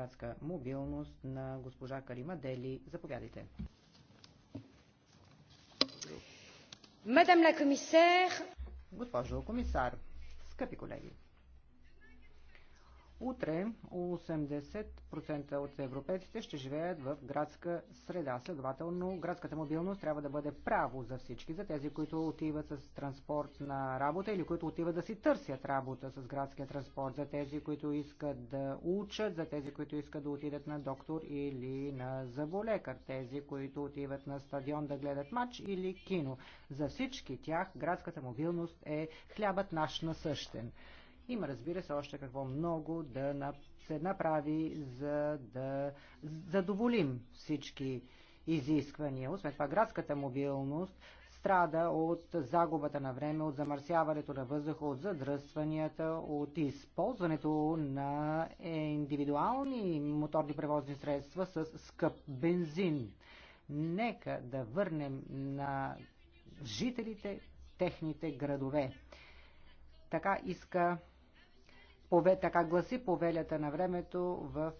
градска мобилност на госпожа Карима Дели. Заповядайте. Мадам ла комисар. Госпожо комисар, скъпи колеги. Утре 80% от европейците ще живеят в градска среда. Следователно, градската мобилност трябва да бъде право за всички, за тези, които отиват с транспорт на работа или които отиват да си търсят работа с градския транспорт, за тези, които искат да учат, за тези, които искат да отидат на доктор или на заболекар, тези, които отиват на стадион да гледат матч или кино. За всички тях градската мобилност е хлябът наш насъщен. Има, разбира се, още какво много да се направи, за да задоволим всички изисквания. Освен това, градската мобилност страда от загубата на време, от замърсяването на въздуха, от задръстванията, от използването на индивидуални моторни превозни средства с скъп бензин. Нека да върнем на жителите техните градове. Така иска пове, така гласи повелята на времето в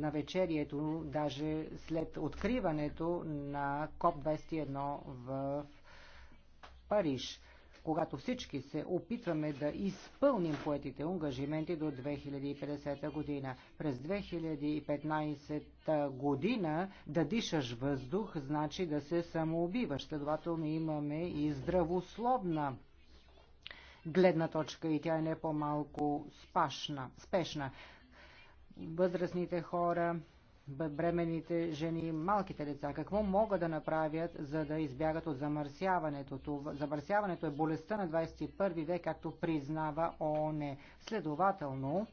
навечерието, даже след откриването на КОП-21 в Париж, когато всички се опитваме да изпълним поетите ангажименти до 2050 година. През 2015 година да дишаш въздух значи да се самоубиваш. Следователно имаме и здравословна гледна точка и тя е не по-малко спешна. Възрастните хора, бременните жени, малките деца. Какво могат да направят, за да избягат от замърсяването? Това, замърсяването е болестта на 21 век, както признава ООН. Следователно,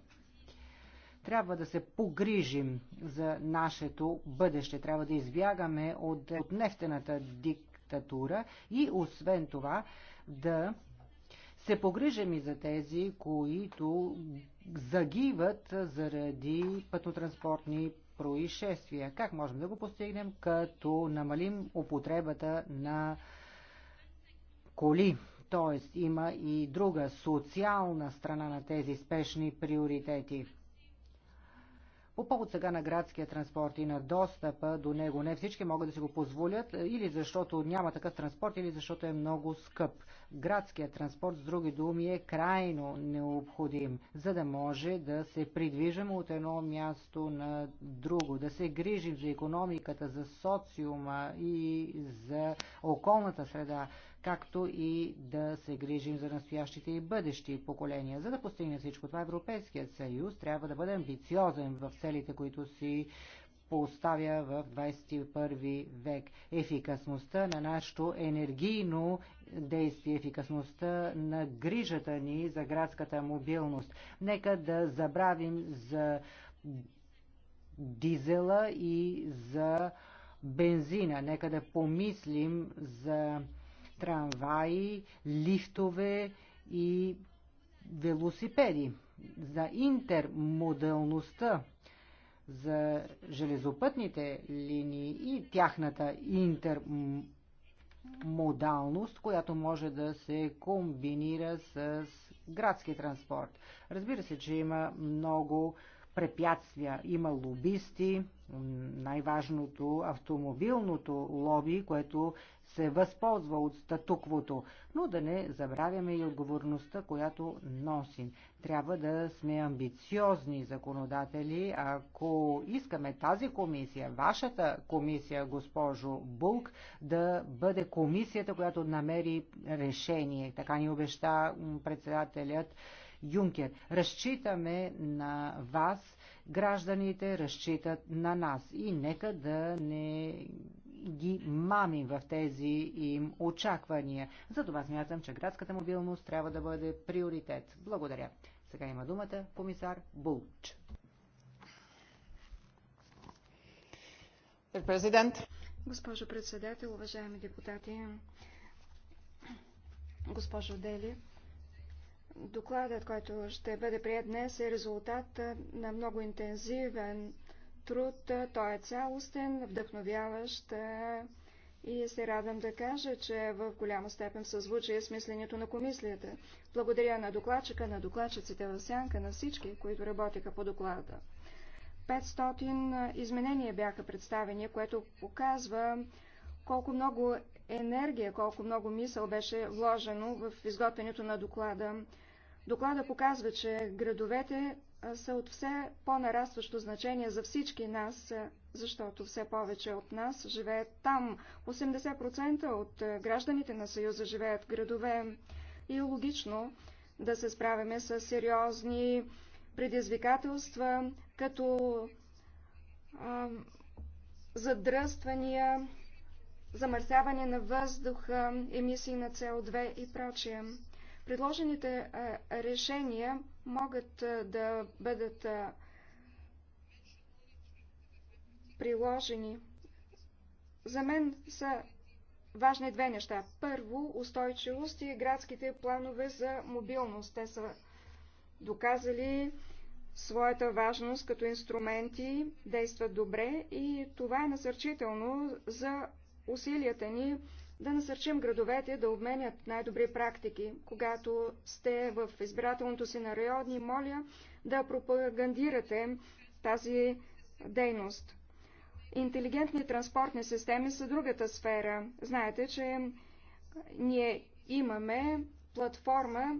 трябва да се погрижим за нашето бъдеще. Трябва да избягаме от, от нефтената диктатура и освен това да се погрижим и за тези, които загиват заради пътнотранспортни происшествия. Как можем да го постигнем, като намалим употребата на коли? Тоест има и друга социална страна на тези спешни приоритети. По повод сега на градския транспорт и на достъпа до него, не всички могат да си го позволят е, или защото няма такъв транспорт, или защото е много скъп. Градският транспорт, с други думи, е крайно необходим, за да може да се придвижим от едно място на друго, да се грижим за економиката, за социума и за околната среда както и да се грижим за настоящите и бъдещи поколения. За да постигне всичко това, Европейският съюз трябва да бъде амбициозен в целите, които си поставя в 21 век. Ефикасността на нашето енергийно действие, ефикасността на грижата ни за градската мобилност. Нека да забравим за дизела и за бензина. Нека да помислим за трамваи, лифтове и велосипеди. За интермоделността, за железопътните линии и тяхната интермодалност, която може да се комбинира с градски транспорт. Разбира се, че има много препятствия. Има лобисти, най-важното автомобилното лоби, което се възползва от статуквото. Но да не забравяме и отговорността, която носим. Трябва да сме амбициозни законодатели. Ако искаме тази комисия, вашата комисия, госпожо Булк, да бъде комисията, която намери решение. Така ни обеща председателят Юнкер. Разчитаме на вас, гражданите разчитат на нас и нека да не ги мамим в тези им очаквания. Затова смятам, че градската мобилност трябва да бъде приоритет. Благодаря. Сега има думата комисар Булч. Президент. Госпожо председател, уважаеми депутати, госпожо Дели, Докладът, който ще бъде прият днес, е резултат на много интензивен труд. Той е цялостен, вдъхновяващ и се радвам да кажа, че в голяма степен съзвучие с мисленето на комисията. Благодаря на докладчика, на докладчиците в сянка, на всички, които работиха по доклада. 500 изменения бяха представени, което показва колко много енергия, колко много мисъл беше вложено в изготвянето на доклада. Доклада показва, че градовете са от все по-нарастващо значение за всички нас, защото все повече от нас живеят там. 80% от гражданите на Съюза живеят в градове и е логично да се справяме с сериозни предизвикателства, като а, задръствания, замърсяване на въздуха, емисии на СО2 и прочие. Предложените решения могат да бъдат приложени. За мен са важни две неща. Първо, устойчивост и градските планове за мобилност. Те са доказали своята важност като инструменти, действат добре и това е насърчително за усилията ни да насърчим градовете да обменят най-добри практики. Когато сте в избирателното си на райони, моля да пропагандирате тази дейност. Интелигентни транспортни системи са другата сфера. Знаете, че ние имаме платформа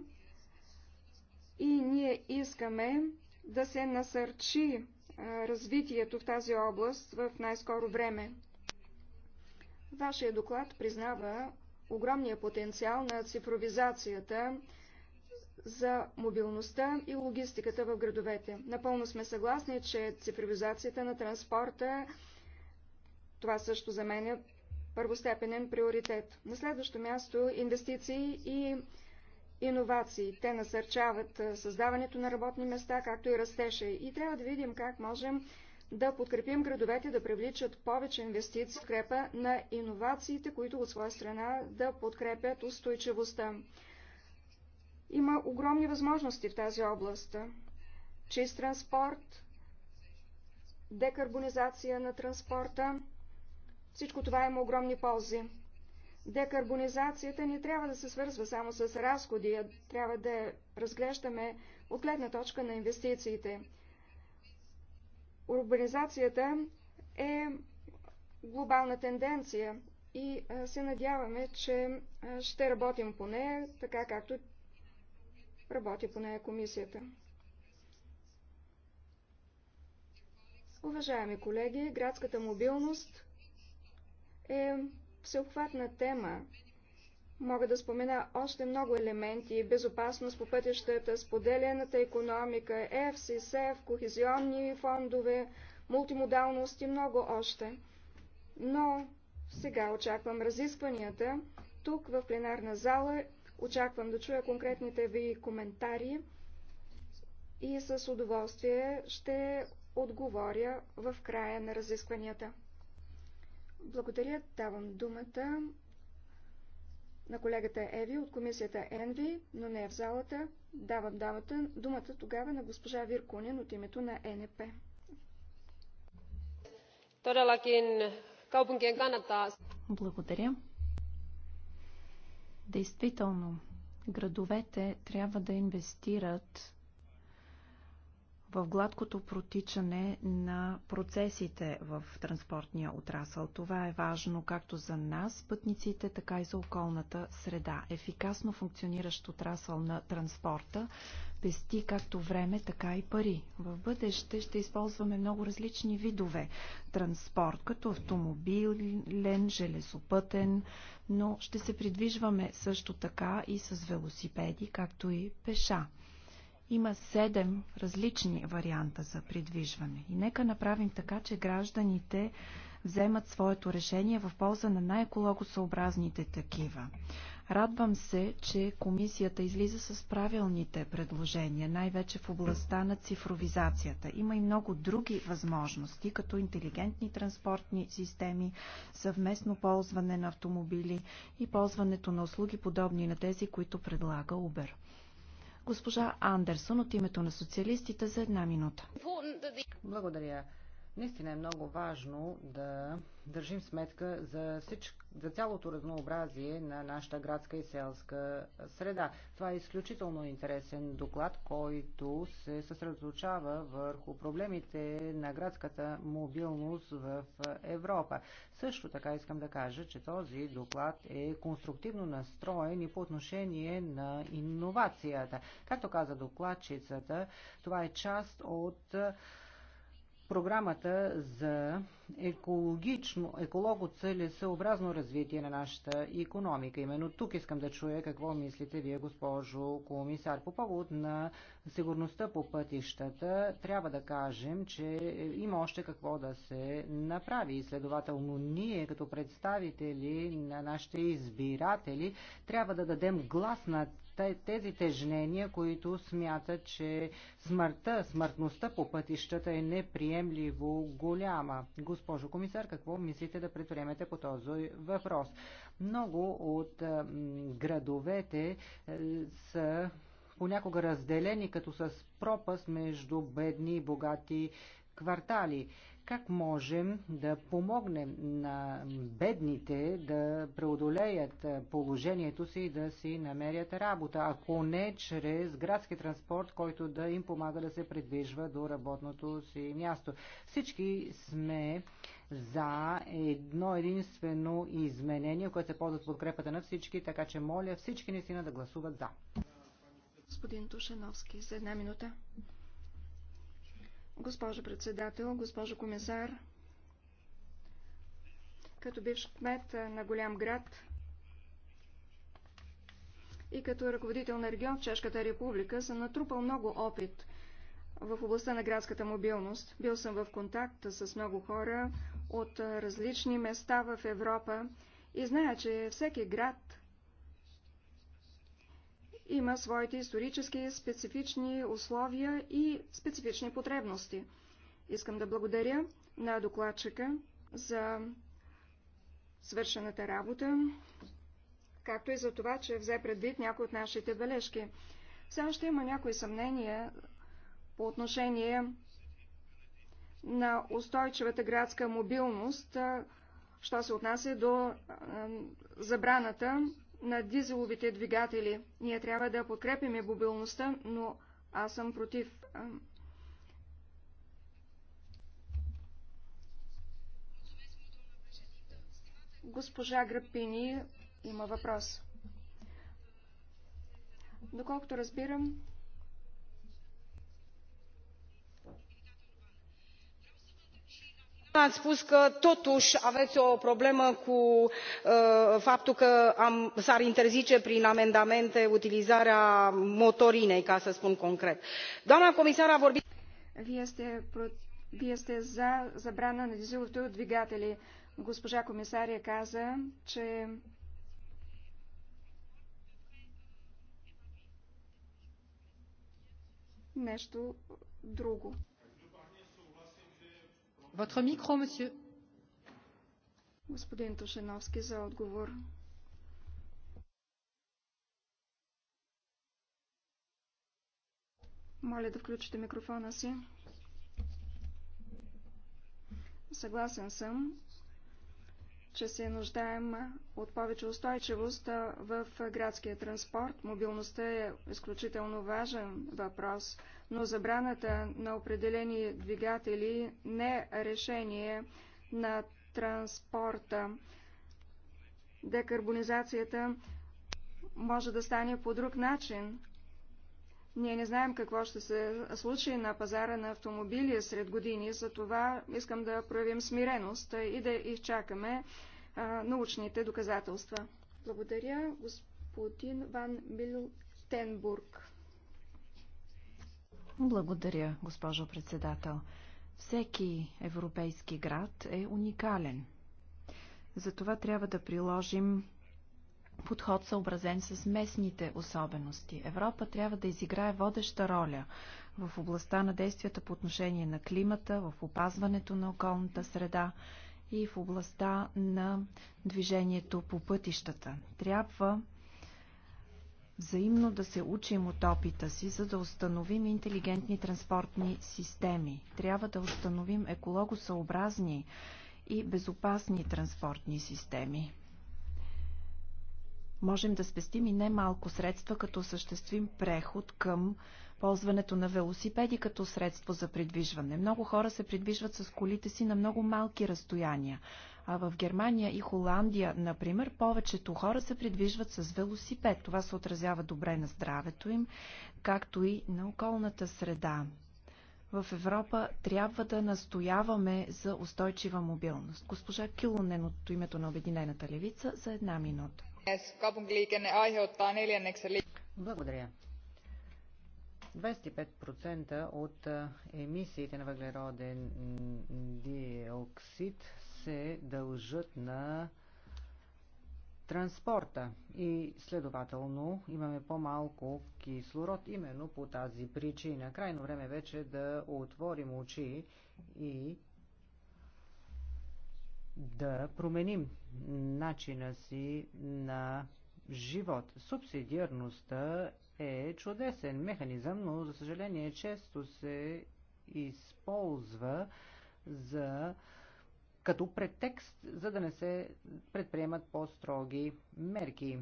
и ние искаме да се насърчи развитието в тази област в най-скоро време. Вашия доклад признава огромния потенциал на цифровизацията за мобилността и логистиката в градовете. Напълно сме съгласни, че цифровизацията на транспорта, това също за мен е първостепенен приоритет. На следващо място инвестиции и иновации. Те насърчават създаването на работни места, както и растеше. И трябва да видим как можем да подкрепим градовете да привличат повече инвестиции в крепа на иновациите, които от своя страна да подкрепят устойчивостта. Има огромни възможности в тази област. Чист транспорт, декарбонизация на транспорта, всичко това има огромни ползи. Декарбонизацията не трябва да се свързва само с разходи, а трябва да разглеждаме от гледна точка на инвестициите. Урбанизацията е глобална тенденция и се надяваме, че ще работим по нея, така както работи по нея комисията. Уважаеми колеги, градската мобилност е всеобхватна тема, Мога да спомена още много елементи – безопасност по пътищата, споделената економика, ЕФСИ, СЕФ, кохезионни фондове, мултимодалност и много още. Но сега очаквам разискванията. Тук, в пленарна зала, очаквам да чуя конкретните ви коментари и с удоволствие ще отговоря в края на разискванията. Благодаря, давам думата на колегата Еви от комисията Енви, но не е в залата. Давам дамата, думата тогава на госпожа Виркунин от името на НП. Благодаря. Действително, градовете трябва да инвестират в гладкото протичане на процесите в транспортния отрасъл. Това е важно както за нас, пътниците, така и за околната среда. Ефикасно функциониращ отрасъл на транспорта пести както време, така и пари. В бъдеще ще използваме много различни видове транспорт, като автомобилен, железопътен, но ще се придвижваме също така и с велосипеди, както и пеша. Има седем различни варианта за придвижване. И нека направим така, че гражданите вземат своето решение в полза на най-екологосъобразните такива. Радвам се, че комисията излиза с правилните предложения, най-вече в областта на цифровизацията. Има и много други възможности, като интелигентни транспортни системи, съвместно ползване на автомобили и ползването на услуги, подобни на тези, които предлага Uber. Госпожа Андерсон от името на социалистите за една минута. Благодаря. Наистина е много важно да държим сметка за, всич... за цялото разнообразие на нашата градска и селска среда. Това е изключително интересен доклад, който се съсредоточава върху проблемите на градската мобилност в Европа. Също така искам да кажа, че този доклад е конструктивно настроен и по отношение на иновацията. Както каза докладчицата, това е част от програмата за екологично, екологоцелесъобразно развитие на нашата економика. Именно тук искам да чуя какво мислите вие, госпожо комисар. По повод на сигурността по пътищата, трябва да кажем, че има още какво да се направи. И следователно ние, като представители на нашите избиратели, трябва да дадем глас на тези тежнения, които смятат, че смъртта, смъртността по пътищата е неприемливо голяма. Госпожо комисар, какво мислите да предприемете по този въпрос? Много от градовете е, са понякога разделени като с пропаст между бедни и богати квартали. Как можем да помогнем на бедните да преодолеят положението си и да си намерят работа, ако не чрез градски транспорт, който да им помага да се придвижва до работното си място? Всички сме за едно единствено изменение, което се ползва с подкрепата на всички, така че моля всички наистина да гласуват за. Господин Тушановски, за една минута. Госпожо председател, госпожо комисар, като бивш кмет на голям град и като ръководител на регион в Чешката република, съм натрупал много опит в областта на градската мобилност. Бил съм в контакт с много хора от различни места в Европа и зная, че всеки град има своите исторически специфични условия и специфични потребности. Искам да благодаря на докладчика за свършената работа, както и за това, че взе предвид някои от нашите бележки. Все още има някои съмнения по отношение на устойчивата градска мобилност, що се отнася до забраната на дизеловите двигатели. Ние трябва да подкрепиме мобилността, но аз съм против. Госпожа Грапини има въпрос. Доколкото разбирам, ați spus că totuși aveți o problemă cu faptul că s ar interzice prin amendamente utilizarea motorinei ca să spun concret. doamna comisar a vorbit. de сте, вие за забрана на дизеловите двигатели. Госпожа комисария каза, че нещо друго. Votre micro, monsieur. Господин Тушеновски за отговор. Моля да включите микрофона си. Съгласен съм че се нуждаем от повече устойчивост в градския транспорт. Мобилността е изключително важен въпрос, но забраната на определени двигатели не е решение на транспорта. Декарбонизацията може да стане по друг начин, ние не знаем какво ще се случи на пазара на автомобили сред години, за това искам да проявим смиреност и да изчакаме а, научните доказателства. Благодаря, господин Ван Милтенбург. Благодаря, госпожо председател. Всеки европейски град е уникален. Затова трябва да приложим подход съобразен с местните особености. Европа трябва да изиграе водеща роля в областта на действията по отношение на климата, в опазването на околната среда и в областта на движението по пътищата. Трябва взаимно да се учим от опита си, за да установим интелигентни транспортни системи. Трябва да установим екологосъобразни и безопасни транспортни системи можем да спестим и немалко средства, като осъществим преход към ползването на велосипеди като средство за придвижване. Много хора се придвижват с колите си на много малки разстояния. А в Германия и Холандия, например, повечето хора се придвижват с велосипед. Това се отразява добре на здравето им, както и на околната среда. В Европа трябва да настояваме за устойчива мобилност. Госпожа Килонен от името на Обединената левица за една минута. Благодаря. 25% от емисиите на въглероден диоксид се дължат на транспорта и следователно имаме по-малко кислород именно по тази причина. Крайно време е вече да отворим очи и да променим начина си на живот. Субсидиарността е чудесен механизъм, но за съжаление често се използва за като претекст, за да не се предприемат по-строги мерки.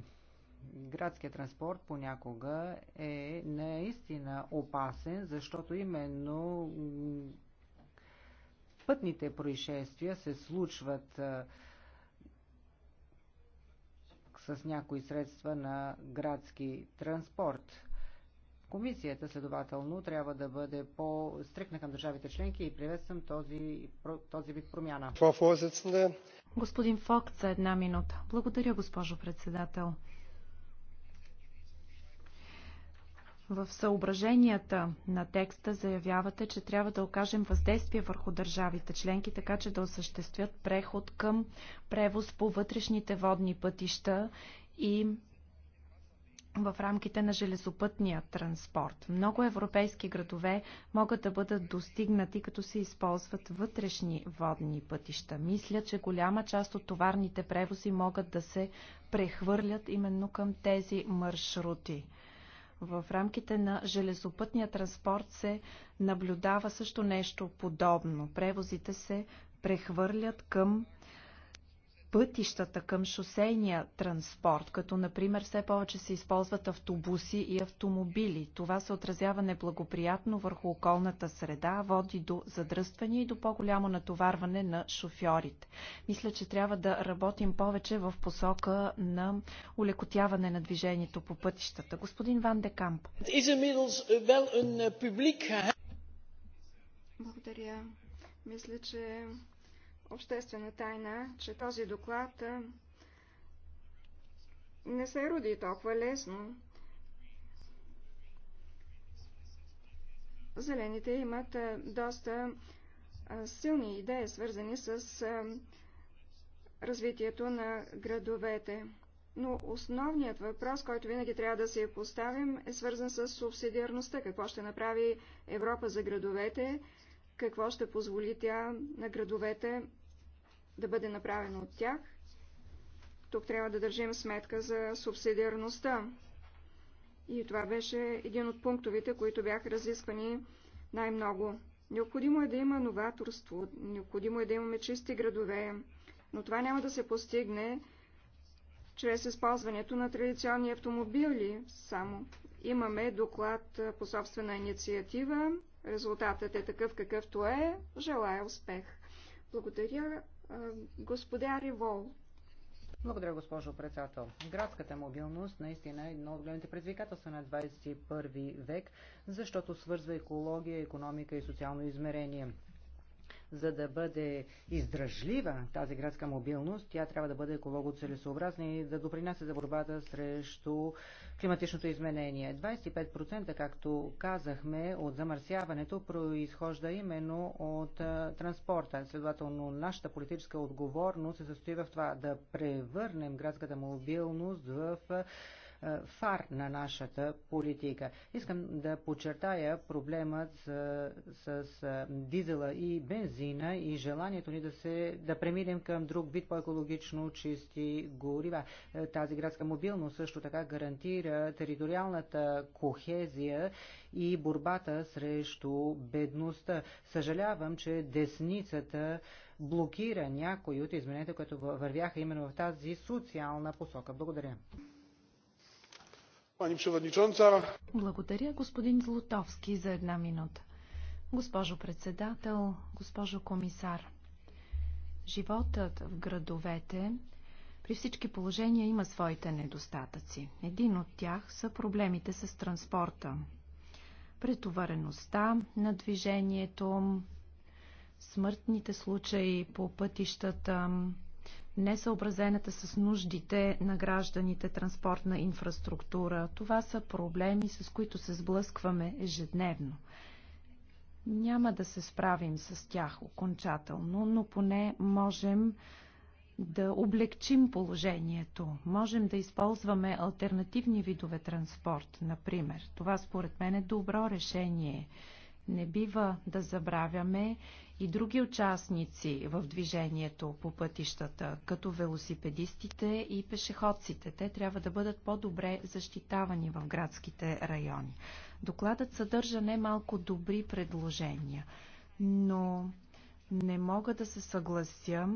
Градският транспорт понякога е наистина опасен, защото именно пътните происшествия се случват с някои средства на градски транспорт. Комисията, следователно, трябва да бъде по-стрикна към държавите членки и приветствам този, този вид промяна. Господин Фокт за една минута. Благодаря, госпожо председател. В съображенията на текста заявявате, че трябва да окажем въздействие върху държавите членки, така че да осъществят преход към превоз по вътрешните водни пътища и в рамките на железопътния транспорт. Много европейски градове могат да бъдат достигнати, като се използват вътрешни водни пътища. Мисля, че голяма част от товарните превози могат да се прехвърлят именно към тези маршрути. В рамките на железопътния транспорт се наблюдава също нещо подобно. Превозите се прехвърлят към пътищата към шосейния транспорт, като например все повече се използват автобуси и автомобили. Това се отразява неблагоприятно върху околната среда, води до задръстване и до по-голямо натоварване на шофьорите. Мисля, че трябва да работим повече в посока на улекотяване на движението по пътищата. Господин Ван Декамп. Благодаря. Мисля, че обществена тайна, че този доклад не се роди толкова лесно. Зелените имат доста силни идеи, свързани с развитието на градовете. Но основният въпрос, който винаги трябва да се поставим, е свързан с субсидиарността. Какво ще направи Европа за градовете? Какво ще позволи тя на градовете да бъде направено от тях. Тук трябва да държим сметка за субсидиарността. И това беше един от пунктовите, които бяха разисквани най-много. Необходимо е да има новаторство, необходимо е да имаме чисти градове, но това няма да се постигне чрез използването на традиционни автомобили само. Имаме доклад по собствена инициатива, резултатът е такъв какъвто е, желая успех. Благодаря Господа Ривол. Благодаря, госпожо председател. Градската мобилност наистина е едно от големите предизвикателства на 21 век, защото свързва екология, економика и социално измерение. За да бъде издръжлива тази градска мобилност, тя трябва да бъде екологоцелесообразна и да допринася за борбата срещу климатичното изменение. 25%, както казахме, от замърсяването произхожда именно от транспорта. Следователно, нашата политическа отговорност се състои в това да превърнем градската мобилност в е, фар на нашата политика. Искам да подчертая проблемът с, с е, дизела и бензина и желанието ни да, се, да преминем към друг вид по-екологично чисти горива. Е, тази градска мобилност също така гарантира териториалната кохезия и борбата срещу бедността. Съжалявам, че десницата блокира някои от измененията, които вървяха именно в тази социална посока. Благодаря. Пани Przewodnicząca. Благодаря, господин Злотовски, за една минута. Госпожо председател, госпожо комисар, животът в градовете при всички положения има своите недостатъци. Един от тях са проблемите с транспорта. Претовареността на движението, смъртните случаи по пътищата, несъобразената с нуждите на гражданите транспортна инфраструктура. Това са проблеми, с които се сблъскваме ежедневно. Няма да се справим с тях окончателно, но поне можем да облегчим положението. Можем да използваме альтернативни видове транспорт, например. Това според мен е добро решение. Не бива да забравяме и други участници в движението по пътищата, като велосипедистите и пешеходците. Те трябва да бъдат по-добре защитавани в градските райони. Докладът съдържа немалко добри предложения, но не мога да се съглася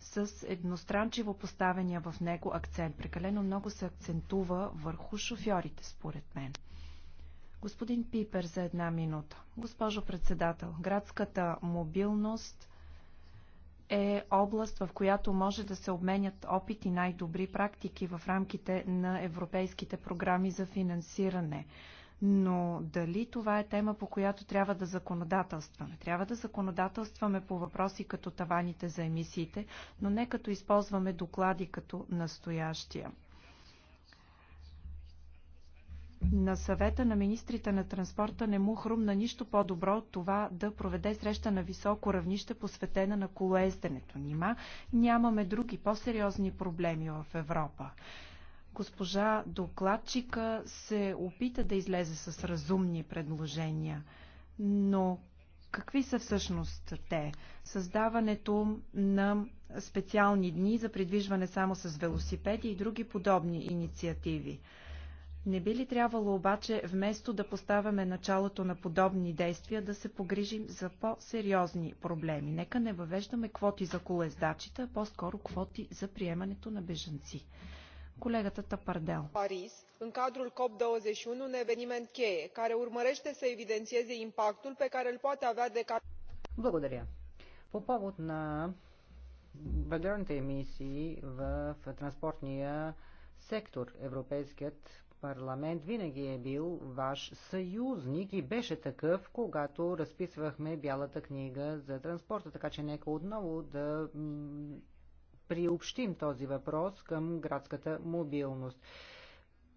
с едностранчиво поставения в него акцент. Прекалено много се акцентува върху шофьорите, според мен. Господин Пипер за една минута. Госпожо председател, градската мобилност е област, в която може да се обменят опит и най-добри практики в рамките на европейските програми за финансиране. Но дали това е тема, по която трябва да законодателстваме? Трябва да законодателстваме по въпроси като таваните за емисиите, но не като използваме доклади като настоящия. На съвета на министрите на транспорта не му хрумна нищо по-добро от това да проведе среща на високо равнище, посветена на колоезденето. Нима нямаме други по-сериозни проблеми в Европа. Госпожа докладчика се опита да излезе с разумни предложения, но Какви са всъщност те? Създаването на специални дни за придвижване само с велосипеди и други подобни инициативи. Не би ли трябвало обаче, вместо да поставяме началото на подобни действия, да се погрижим за по-сериозни проблеми? Нека не въвеждаме квоти за колездачите, а по-скоро квоти за приемането на бежанци. Колегата Тапардел. Париз, în cadrul COP21, un eveniment cheie, care urmărește să evidențieze impactul pe care îl poate avea de... Благодаря. По повод на въглерните емисии в транспортния сектор, Европейският парламент винаги е бил ваш съюзник и беше такъв, когато разписвахме Бялата книга за транспорта, така че нека отново да приобщим този въпрос към градската мобилност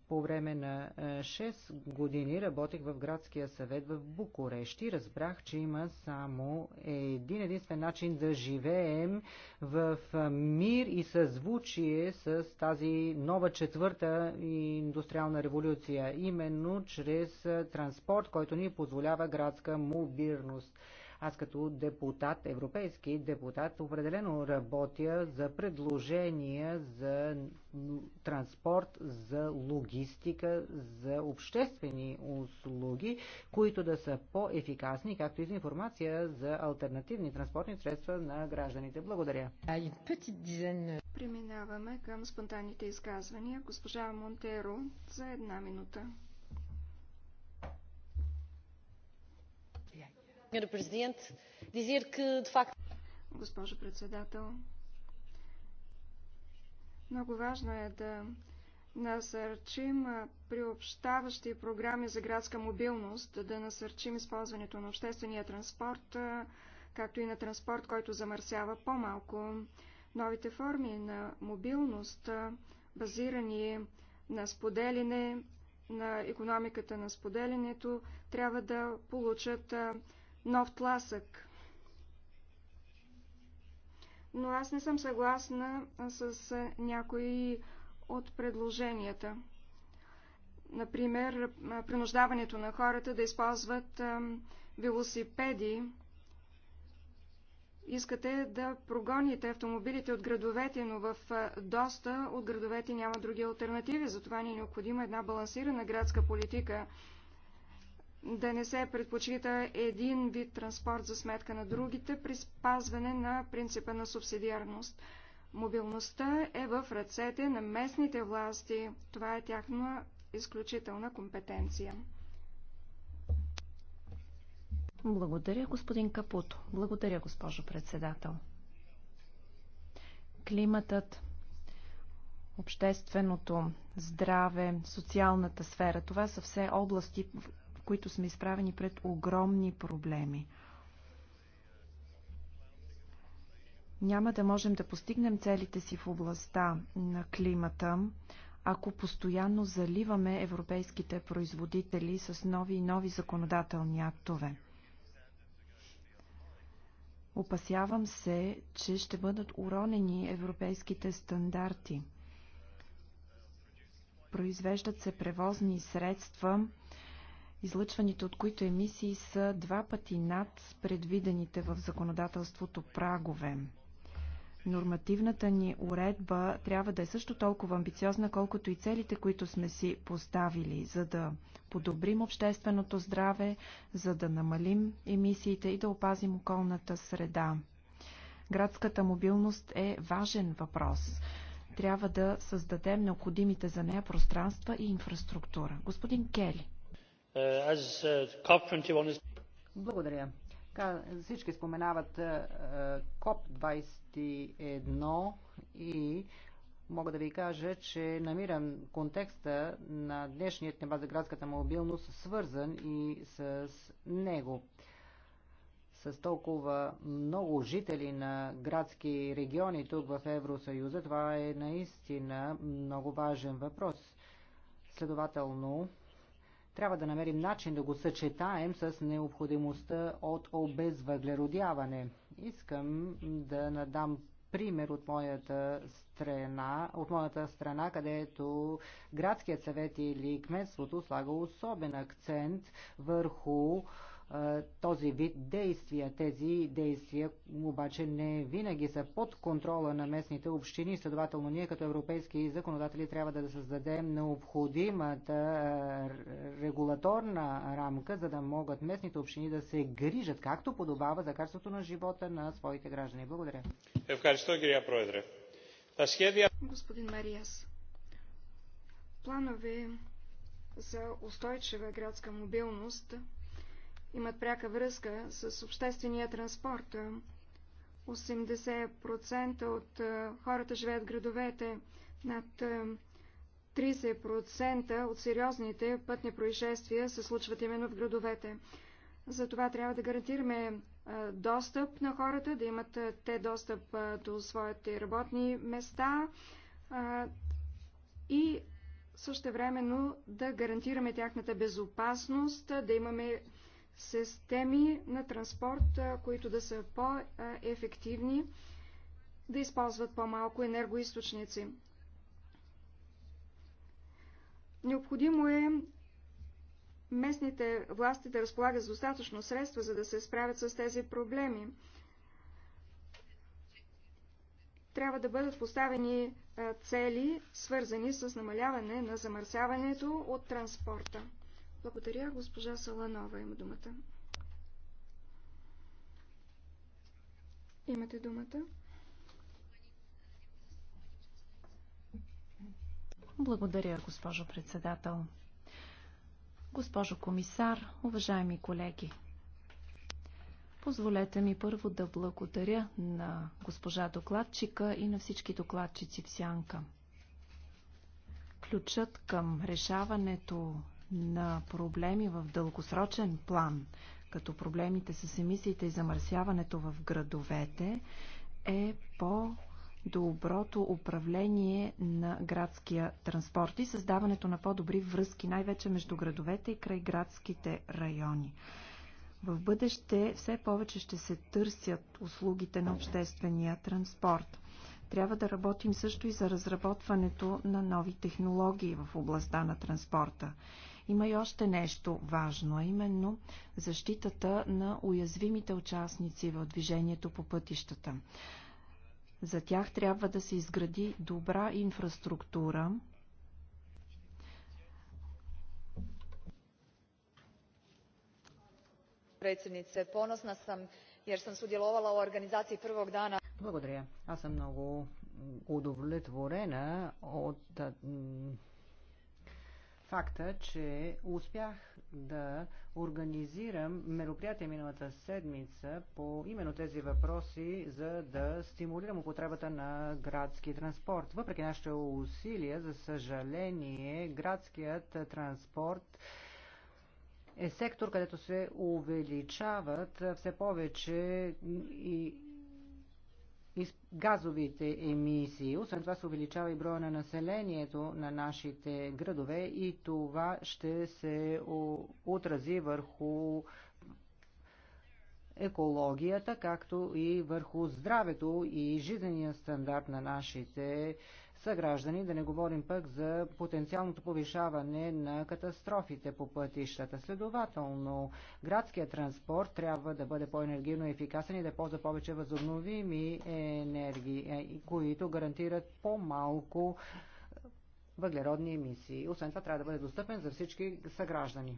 по време на 6 години работех в градския съвет в Букурещ и разбрах, че има само един единствен начин да живеем в мир и съзвучие с тази нова четвърта индустриална революция, именно чрез транспорт, който ни позволява градска мобилност. Аз като депутат, европейски депутат, определено работя за предложения за транспорт, за логистика, за обществени услуги, които да са по-ефикасни, както и за информация за альтернативни транспортни средства на гражданите. Благодаря. Преминаваме към спонтанните изказвания. Госпожа Монтеро за една минута. Госпожо председател, много важно е да насърчим приобщаващи програми за градска мобилност, да насърчим използването на обществения транспорт, както и на транспорт, който замърсява по-малко. Новите форми на мобилност, базирани на споделяне, на економиката на споделянето, трябва да получат нов тласък. Но аз не съм съгласна с някои от предложенията. Например, принуждаването на хората да използват велосипеди. Искате да прогоните автомобилите от градовете, но в доста от градовете няма други альтернативи. Затова ни е необходима една балансирана градска политика – да не се предпочита един вид транспорт за сметка на другите при спазване на принципа на субсидиарност. Мобилността е в ръцете на местните власти. Това е тяхна изключителна компетенция. Благодаря, господин Капуто. Благодаря, госпожо председател. Климатът, общественото здраве, социалната сфера, това са все области, които сме изправени пред огромни проблеми. Няма да можем да постигнем целите си в областта на климата, ако постоянно заливаме европейските производители с нови и нови законодателни актове. Опасявам се, че ще бъдат уронени европейските стандарти. Произвеждат се превозни средства, излъчваните от които емисии са два пъти над предвидените в законодателството прагове. Нормативната ни уредба трябва да е също толкова амбициозна, колкото и целите, които сме си поставили, за да подобрим общественото здраве, за да намалим емисиите и да опазим околната среда. Градската мобилност е важен въпрос трябва да създадем необходимите за нея пространства и инфраструктура. Господин Кели. Uh, uh, Благодаря. Всички споменават е, е, КОП-21 и мога да ви кажа, че намирам контекста на днешният небаз за градската мобилност е свързан и с него. С толкова много жители на градски региони тук в Евросъюза, това е наистина много важен въпрос. Следователно, трябва да намерим начин да го съчетаем с необходимостта от обезвъглеродяване. Искам да надам пример от моята страна, от моята страна, където градският съвет или кметството слага особен акцент върху този вид действия. Тези действия обаче не винаги са под контрола на местните общини. Следователно, ние като европейски законодатели трябва да създадем необходимата регулаторна рамка, за да могат местните общини да се грижат както подобава за качеството на живота на своите граждани. Благодаря. Господин Мариас, планове за устойчива градска мобилност – имат пряка връзка с обществения транспорт. 80% от е, хората живеят в градовете, над 30% е, от сериозните пътни происшествия се случват именно в градовете. Затова трябва да гарантираме е, достъп на хората, да имат те достъп до своите работни места и също времено да гарантираме тяхната безопасност, да имаме системи на транспорт, които да са по-ефективни, да използват по-малко енергоисточници. Необходимо е местните власти да разполагат с достатъчно средства, за да се справят с тези проблеми. Трябва да бъдат поставени цели, свързани с намаляване на замърсяването от транспорта. Благодаря. Госпожа Саланова има думата. Имате думата. Благодаря, госпожо председател. Госпожо комисар, уважаеми колеги, позволете ми първо да благодаря на госпожа докладчика и на всички докладчици в Сянка. Ключът към решаването на проблеми в дългосрочен план, като проблемите с емисиите и замърсяването в градовете, е по доброто управление на градския транспорт и създаването на по-добри връзки, най-вече между градовете и край градските райони. В бъдеще все повече ще се търсят услугите на обществения транспорт. Трябва да работим също и за разработването на нови технологии в областта на транспорта. Има и още нещо важно, а именно защитата на уязвимите участници в движението по пътищата. За тях трябва да се изгради добра инфраструктура, Председнице, поносна съм jer съм sudjelovala u организации първог дана. Благодаря. Аз съм много удовлетворена от факта, че успях да организирам мероприятие миналата седмица по именно тези въпроси, за да стимулирам употребата на градски транспорт. Въпреки нашите усилия, за съжаление, градският транспорт е сектор, където се увеличават все повече и газовите емисии. Освен това се увеличава и броя на населението на нашите градове и това ще се отрази върху екологията, както и върху здравето и жизнения стандарт на нашите съграждани, да не говорим пък за потенциалното повишаване на катастрофите по пътищата. Следователно, градският транспорт трябва да бъде по-енергийно ефикасен и да е ползва повече възобновими енергии, е, които гарантират по-малко въглеродни емисии. Освен това трябва да бъде достъпен за всички съграждани.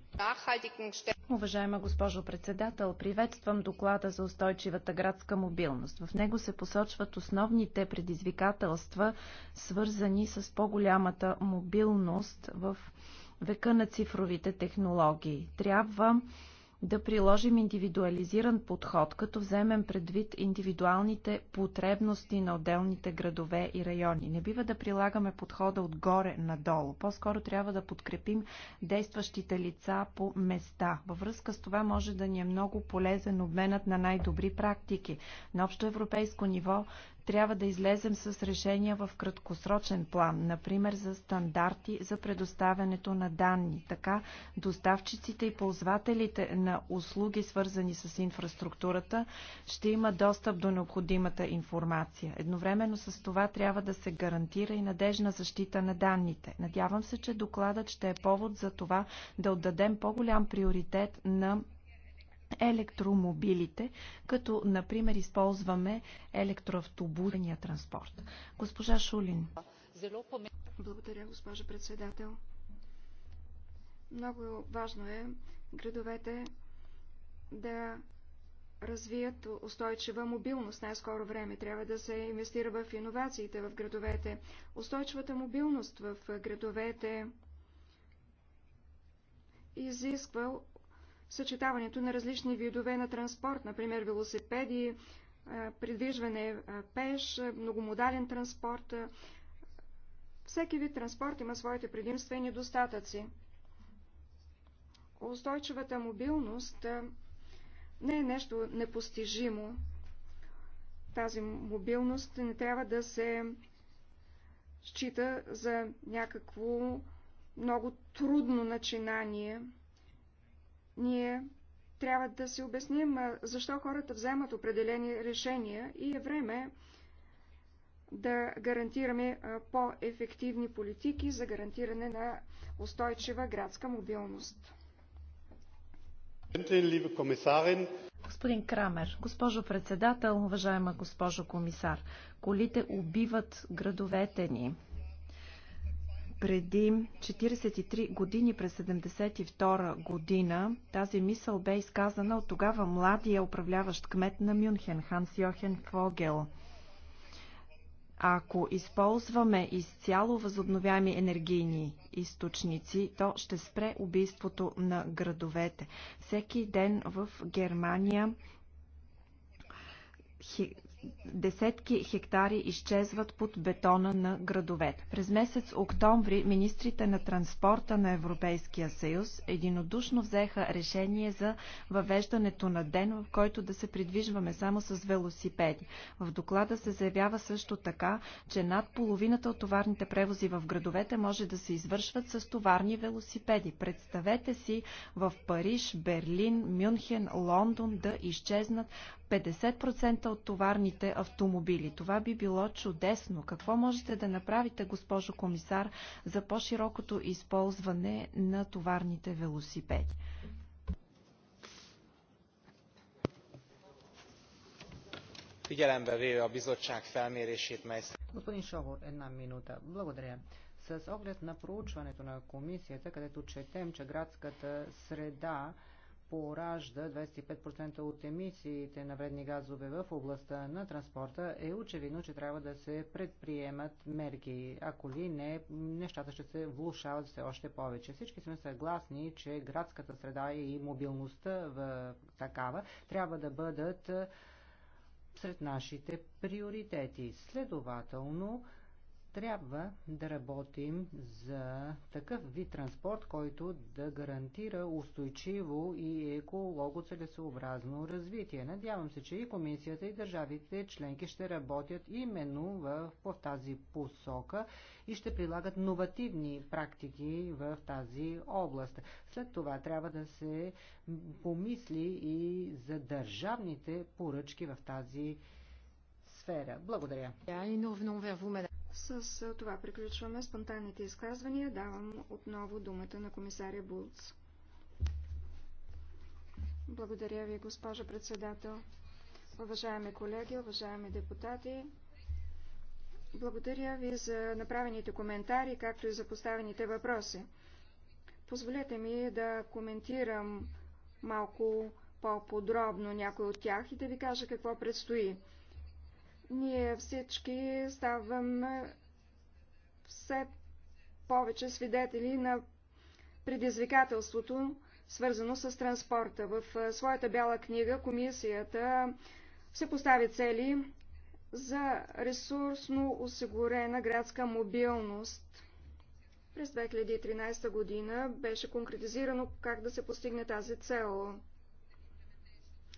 Уважаема госпожо председател, приветствам доклада за устойчивата градска мобилност. В него се посочват основните предизвикателства, свързани с по-голямата мобилност в века на цифровите технологии. Трябва да приложим индивидуализиран подход, като вземем предвид индивидуалните потребности на отделните градове и райони. Не бива да прилагаме подхода отгоре надолу. По-скоро трябва да подкрепим действащите лица по места. Във връзка с това може да ни е много полезен обменът на най-добри практики. На общо европейско ниво трябва да излезем с решения в краткосрочен план, например за стандарти за предоставянето на данни. Така доставчиците и ползвателите на услуги, свързани с инфраструктурата, ще имат достъп до необходимата информация. Едновременно с това трябва да се гарантира и надежна защита на данните. Надявам се, че докладът ще е повод за това да отдадем по-голям приоритет на електромобилите, като например използваме електроавтобусния транспорт. Госпожа Шулин. Благодаря, госпожа председател. Много важно е градовете да развият устойчива мобилност. Най-скоро време трябва да се инвестира в иновациите в градовете. Устойчивата мобилност в градовете изисква съчетаването на различни видове на транспорт, например велосипеди, придвижване пеш, многомодален транспорт. Всеки вид транспорт има своите предимства и недостатъци. Устойчивата мобилност не е нещо непостижимо. Тази мобилност не трябва да се счита за някакво много трудно начинание – ние трябва да си обясним защо хората вземат определени решения и е време да гарантираме по-ефективни политики за гарантиране на устойчива градска мобилност. Господин Крамер, госпожо председател, уважаема госпожо комисар, колите убиват градовете ни преди 43 години, през 72 година, тази мисъл бе изказана от тогава младия управляващ кмет на Мюнхен, Ханс Йохен Фогел. Ако използваме изцяло възобновяеми енергийни източници, то ще спре убийството на градовете. Всеки ден в Германия десетки хектари изчезват под бетона на градовете. През месец октомври министрите на транспорта на Европейския съюз единодушно взеха решение за въвеждането на ден, в който да се придвижваме само с велосипеди. В доклада се заявява също така, че над половината от товарните превози в градовете може да се извършват с товарни велосипеди. Представете си в Париж, Берлин, Мюнхен, Лондон да изчезнат 50% от товарни личните автомобили. Това би било чудесно. Какво можете да направите, госпожо комисар, за по-широкото използване на товарните велосипеди? Господин Шогор, една минута. Благодаря. С оглед на проучването на комисията, където четем, че градската среда поражда 25% от емисиите на вредни газове в областта на транспорта, е очевидно, че трябва да се предприемат мерки. Ако ли не, нещата ще се влушават все още повече. Всички сме съгласни, че градската среда и мобилността в такава трябва да бъдат сред нашите приоритети. Следователно, трябва да работим за такъв вид транспорт, който да гарантира устойчиво и еколого целесообразно развитие. Надявам се, че и комисията и държавите членки ще работят именно в, в тази посока и ще прилагат новативни практики в тази област. След това трябва да се помисли и за държавните поръчки в тази сфера. Благодаря. С това приключваме спонтанните изказвания. Давам отново думата на комисаря Булц. Благодаря ви, госпожа председател. Уважаеми колеги, уважаеми депутати, благодаря ви за направените коментари, както и за поставените въпроси. Позволете ми да коментирам малко по-подробно някой от тях и да ви кажа какво предстои. Ние всички ставаме все повече свидетели на предизвикателството, свързано с транспорта. В своята бяла книга комисията се постави цели за ресурсно осигурена градска мобилност. През 2013 година беше конкретизирано как да се постигне тази цел.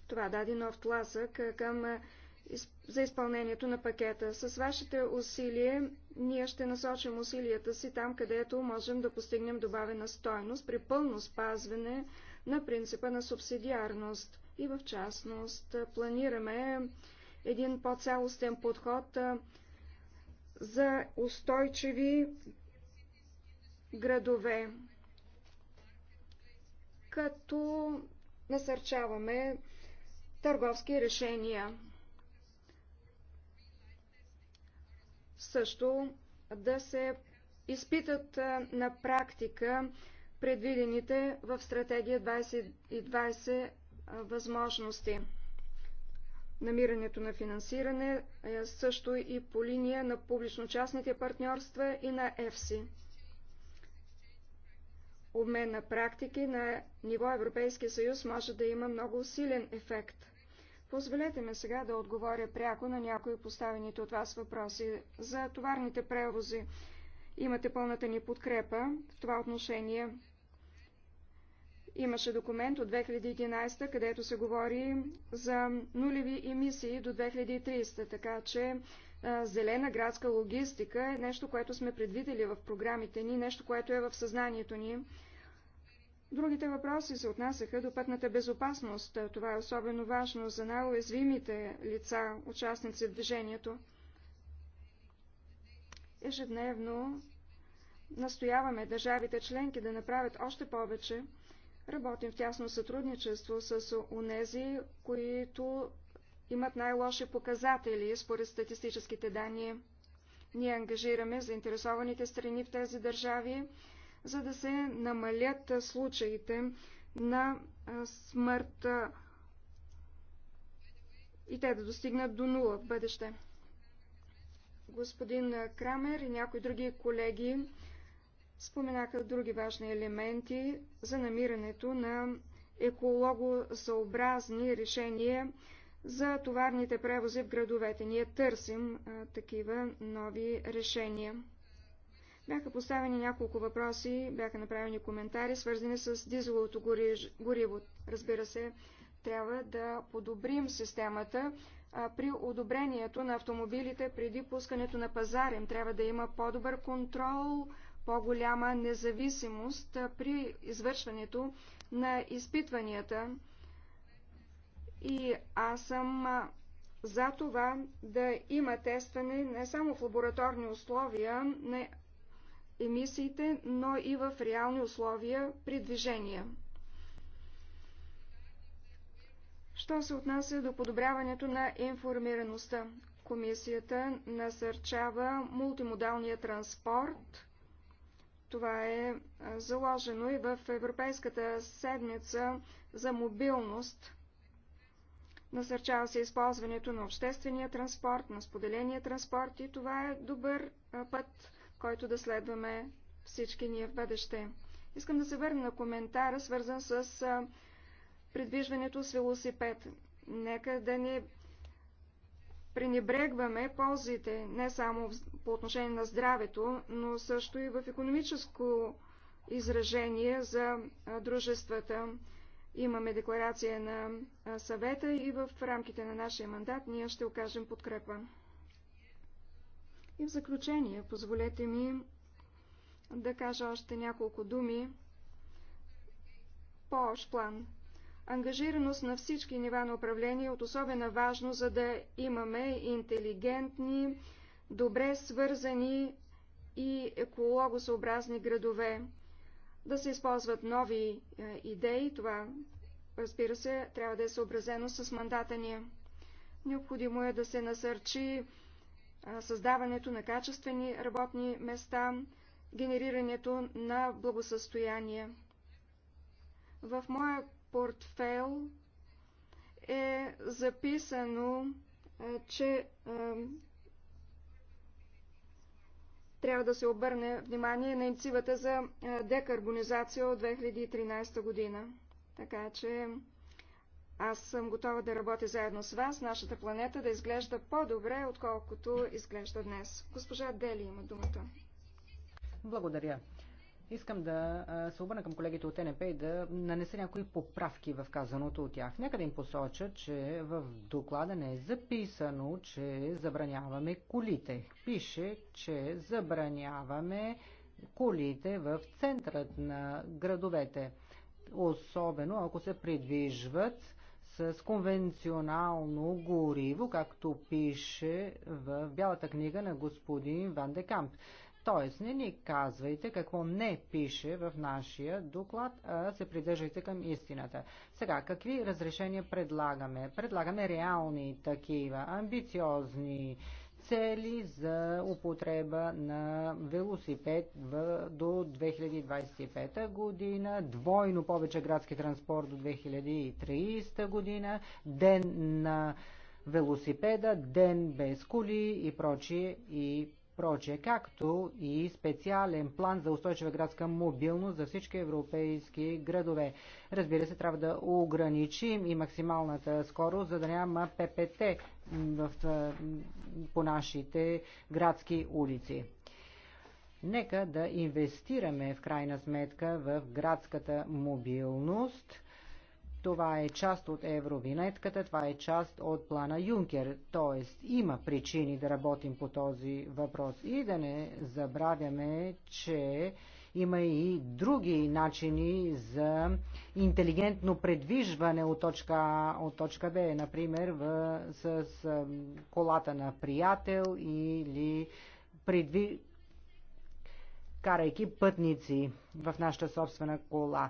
Това даде нов тласък към за изпълнението на пакета. С вашите усилия ние ще насочим усилията си там, където можем да постигнем добавена стойност при пълно спазване на принципа на субсидиарност. И в частност планираме един по-цялостен подход за устойчиви градове, като насърчаваме търговски решения. също да се изпитат на практика предвидените в стратегия 2020 възможности. Намирането на финансиране е също и по линия на публично-частните партньорства и на ЕФСИ. Обмен на практики на ниво Европейския съюз може да има много силен ефект – Позволете ми сега да отговоря пряко на някои поставените от вас въпроси. За товарните превози имате пълната ни подкрепа в това отношение. Имаше документ от 2011, където се говори за нулеви емисии до 2300, така че а, зелена градска логистика е нещо, което сме предвидели в програмите ни, нещо, което е в съзнанието ни. Другите въпроси се отнасяха до пътната безопасност. Това е особено важно за най-уязвимите лица, участници в движението. Ежедневно настояваме държавите членки да направят още повече. Работим в тясно сътрудничество с унези, които имат най-лоши показатели според статистическите данни. Ние ангажираме заинтересованите страни в тези държави за да се намалят случаите на смърт и те да достигнат до нула в бъдеще. Господин Крамер и някои други колеги споменаха други важни елементи за намирането на екологосъобразни решения за товарните превози в градовете. Ние търсим а, такива нови решения. Бяха поставени няколко въпроси, бяха направени коментари, свързани с дизеловото гориво. Разбира се, трябва да подобрим системата а, при одобрението на автомобилите преди пускането на пазар. Им трябва да има по-добър контрол, по-голяма независимост при извършването на изпитванията. И аз съм за това да има тестване не само в лабораторни условия емисиите, но и в реални условия при движение. Що се отнася до подобряването на информираността? Комисията насърчава мултимодалния транспорт. Това е заложено и в Европейската седмица за мобилност. Насърчава се използването на обществения транспорт, на споделения транспорт и това е добър път който да следваме всички ние в бъдеще. Искам да се върна на коментара, свързан с предвижването с велосипед. Нека да не пренебрегваме ползите не само по отношение на здравето, но също и в економическо изражение за дружествата. Имаме декларация на съвета и в рамките на нашия мандат ние ще окажем подкрепа. И в заключение, позволете ми да кажа още няколко думи по-общ план. Ангажираност на всички нива на управление е от особена важност, за да имаме интелигентни, добре свързани и екологосъобразни градове. Да се използват нови е, идеи, това, разбира се, трябва да е съобразено с мандата ни. Необходимо е да се насърчи създаването на качествени работни места, генерирането на благосъстояние. В моя портфел е записано, че трябва да се обърне внимание на инициативата за декарбонизация от 2013 година. Така че аз съм готова да работя заедно с вас, нашата планета да изглежда по-добре, отколкото изглежда днес. Госпожа Дели има думата. Благодаря. Искам да се обърна към колегите от НП и да нанеса някои поправки в казаното от тях. Нека да им посоча, че в доклада не е записано, че забраняваме колите. Пише, че забраняваме колите в центърът на градовете особено ако се придвижват с конвенционално гориво, както пише в Бялата книга на господин Ван де Камп. Тоест, не ни казвайте какво не пише в нашия доклад, а се придържайте към истината. Сега, какви разрешения предлагаме? Предлагаме реални такива, амбициозни, цели за употреба на велосипед до 2025 година, двойно повече градски транспорт до 2030 година, ден на велосипеда, ден без коли и прочие и прочее, както и специален план за устойчива градска мобилност за всички европейски градове. Разбира се, трябва да ограничим и максималната скорост, за да няма ППТ в, по нашите градски улици. Нека да инвестираме в крайна сметка в градската мобилност – това е част от евровинетката, това е част от плана Юнкер, т.е. има причини да работим по този въпрос и да не забравяме, че има и други начини за интелигентно предвижване от точка А от точка Б, например в, с, с колата на приятел или предви... карайки пътници в нашата собствена кола.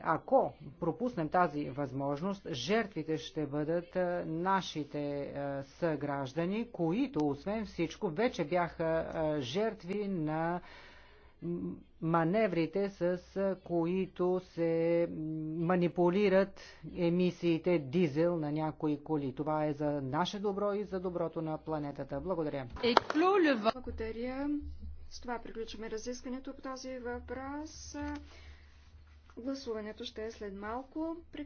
Ако пропуснем тази възможност, жертвите ще бъдат нашите съграждани, които, освен всичко, вече бяха жертви на маневрите, с които се манипулират емисиите дизел на някои коли. Това е за наше добро и за доброто на планетата. Благодаря. Благодаря. С това приключваме разискането по този въпрос. Гласуването ще е след малко.